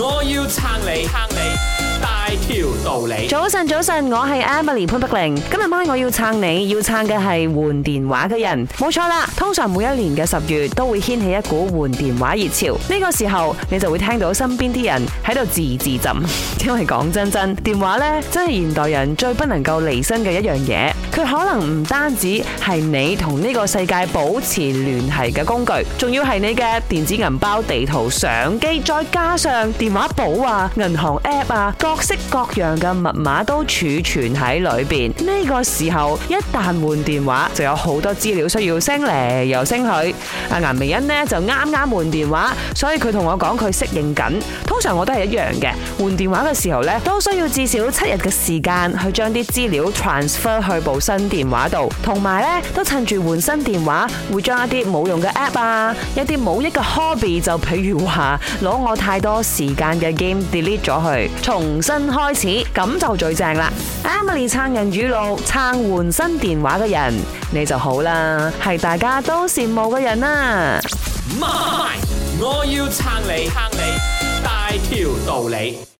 我要撐你，撐你大條道理。早晨，早晨，我係 Emily 潘碧玲。今日晚我要撐你，要撐嘅係換電話嘅人，冇錯啦。通常每一年嘅十月都會掀起一股換電話熱潮。呢個時候，你就會聽到身邊啲人喺度自自浸， 因為講真真，電話呢，真係現代人最不能夠離身嘅一樣嘢。佢可能唔單止係你同呢個世界保持聯繫嘅工具，仲要係你嘅電子銀包、地圖、相機，再加上電話簿啊、銀行 App 啊，各式各樣嘅密碼都儲存喺裏邊。呢個時候一旦換電話，就有好多資料需要升嚟又升去。阿顏明欣呢，就啱啱換電話，所以佢同我講佢適應緊。通常我都係一樣嘅，換電話嘅時候呢，都需要至少七日嘅時間去將啲資料 transfer 去部新電話度，同埋呢，都趁住換新電話會將一啲冇用嘅 App 啊，一啲冇益嘅 hobby，就譬如話攞我太多時間。間嘅 game delete 咗佢，重新開始，咁就最正啦。Emily 撐人語錄，撐換新電話嘅人，你就好啦，係大家都羨慕嘅人啦！我要撐你，撐你，大條道理。